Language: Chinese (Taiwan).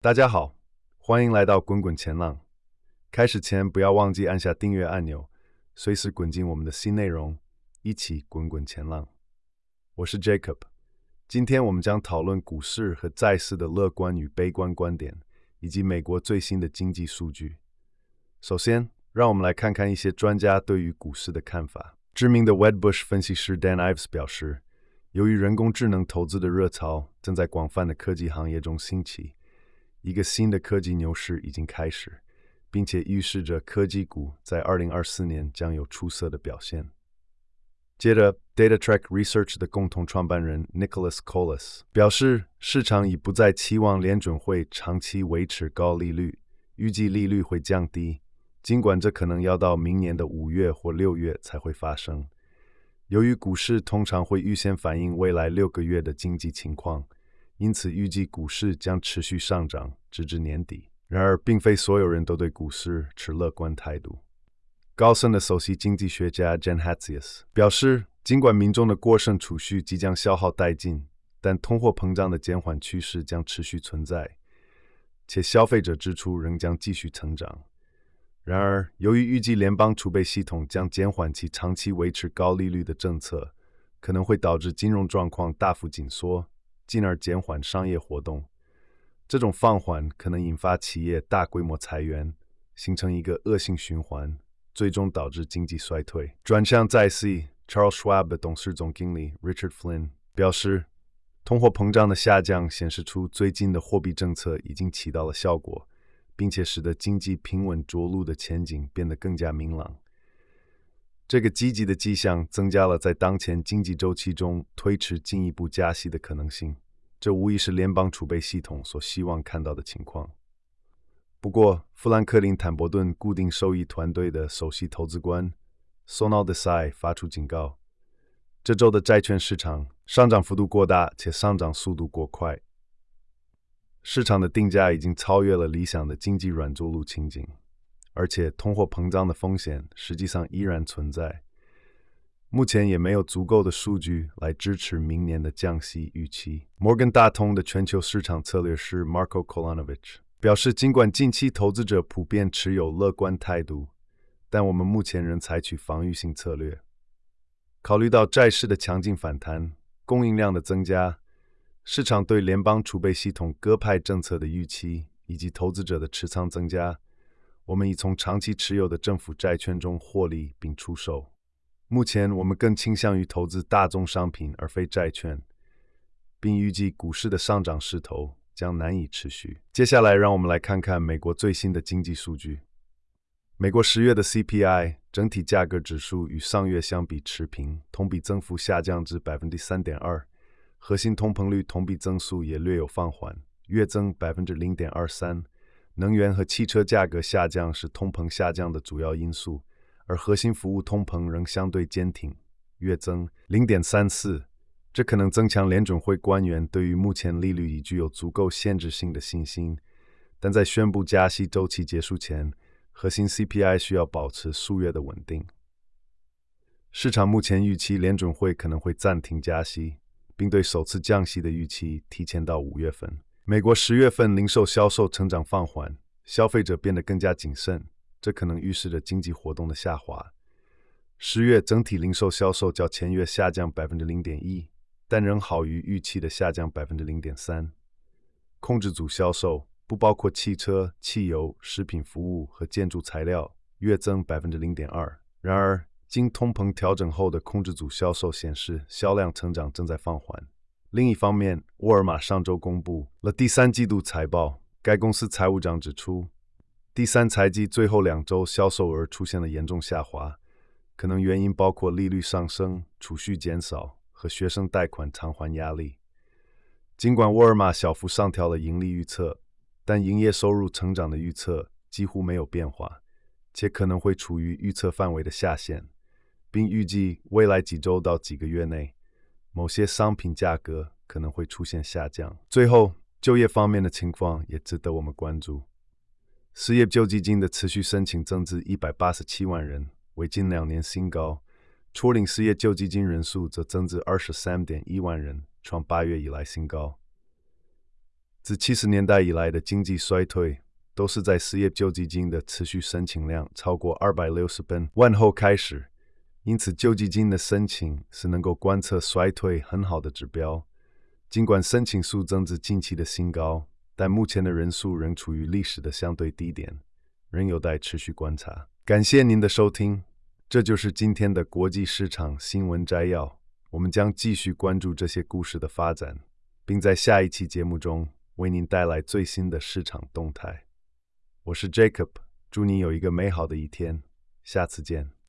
大家好，歡迎來到《滾滾前浪》。開始前，不要忘記按下訂閱按鈕，隨時滾進我們的新內容，一起滾滾前浪。我是 Jacob。今天我們將討論股市和債市的樂觀與悲觀觀點，以及美國最新的經濟數據。首先，讓我們來看看一些專家對於股市的看法。知名的 Wedbush 分析師 Dan Ives 表示，由於人工智能投資的熱潮正在廣泛的科技行業中興起。一個新的科技牛市已經開始，並且預示着科技股在二零二四年將有出色的表現。接着，DataTrack Research 的共同創辦人 Nicholas Colas 表示，市場已不再期望聯準會長期維持高利率，預計利率會降低，儘管這可能要到明年的五月或六月才會發生。由於股市通常會預先反映未來六個月的經濟情況。因此，預計股市將持續上漲，直至年底。然而，並非所有人都對股市持樂觀態度。高盛的首席經濟學家 Jan Hatzius 表示，儘管民眾的過剩儲蓄即將消耗殆盡，但通貨膨脹的減緩趨勢將持續存在，且消費者支出仍將繼續增長。然而，由於預計聯邦儲備系統將減緩其長期維持高利率的政策，可能會導致金融狀況大幅緊縮。進而減緩商業活動，這種放緩可能引發企業大規模裁員，形成一個惡性循環，最終導致經濟衰退。轉向再 C，Charles Schwab 的董事總經理 Richard Flynn 表示，通貨膨脹的下降顯示出最近的貨幣政策已經起到了效果，並且使得經濟平穩着陸的前景變得更加明朗。這個積極的跡象增加了在當前經濟週期中推遲進一步加息的可能性。這無疑是聯邦儲備系統所希望看到的情況。不過，富蘭克林·坦伯頓固定收益團隊的首席投資官 Sonal Desai 發出警告：這周的債券市場上漲幅度過大，且上漲速度過快，市場的定價已經超越了理想的經濟軟着陸情景。而且通貨膨脹的風險實際上依然存在，目前也沒有足夠的數據來支持明年的降息預期。摩根大通的全球市場策略師 Marko Kolanovic 表示，儘管近期投資者普遍持有樂觀態度，但我們目前仍採取防御性策略。考慮到債市的強勁反彈、供應量的增加、市場對聯邦儲備系統鴿派政策的預期以及投資者的持倉增加。我們已從長期持有的政府債券中獲利並出售。目前，我們更傾向於投資大宗商品而非債券，並預計股市的上漲勢頭將難以持續。接下來，讓我們來看看美國最新的經濟數據。美國十月的 CPI 整體價格指數與上月相比持平，同比增幅下降至百分之三點二，核心通膨率同比增速也略有放緩，月增百分之零點二三。能源和汽車價格下降是通膨下降的主要因素，而核心服務通膨仍相對堅挺，月增零點三四，這可能增強聯準會官員對於目前利率已具有足夠限制性的信心。但在宣布加息週期結束前，核心 CPI 需要保持數月的穩定。市場目前預期聯準會可能會暫停加息，並對首次降息的預期提前到五月份。美國十月份零售銷售成長放緩，消費者變得更加謹慎，這可能預示着經濟活動的下滑。十月整體零售銷售較前月下降百分之零點一，但仍好於預期的下降百分之零點三。控制組銷售不包括汽車、汽油、食品服務和建築材料，月增百分之零點二。然而，經通膨調整後的控制組銷售顯示，銷量成長正在放緩。另一方面，沃爾瑪上周公布了第三季度財報。該公司財務長指出，第三財季最後兩周銷售額出現了嚴重下滑，可能原因包括利率上升、儲蓄減少和學生貸款償還壓力。儘管沃爾瑪小幅上調了盈利預測，但營業收入成長的預測幾乎沒有變化，且可能會處於預測範圍的下限，並預計未來幾周到幾個月內。某些商品價格可能會出現下降。最後，就業方面的情況也值得我們關注。失業救濟金的持續申請增至一百八十七萬人，為近兩年新高；初領失業救濟金人數則增至二十三點一萬人，創八月以來新高。自七十年代以來的經濟衰退，都是在失業救濟金的持續申請量超過二百六十萬後開始。因此，救濟金的申請是能夠觀測衰退很好的指標。儘管申請數增至近期的新高，但目前的人數仍處於歷史的相對低點，仍有待持續觀察。感謝您的收聽，這就是今天的國際市場新聞摘要。我們將繼續關注這些故事的發展，並在下一期節目中為您帶來最新的市場動態。我是 Jacob，祝您有一個美好的一天，下次見。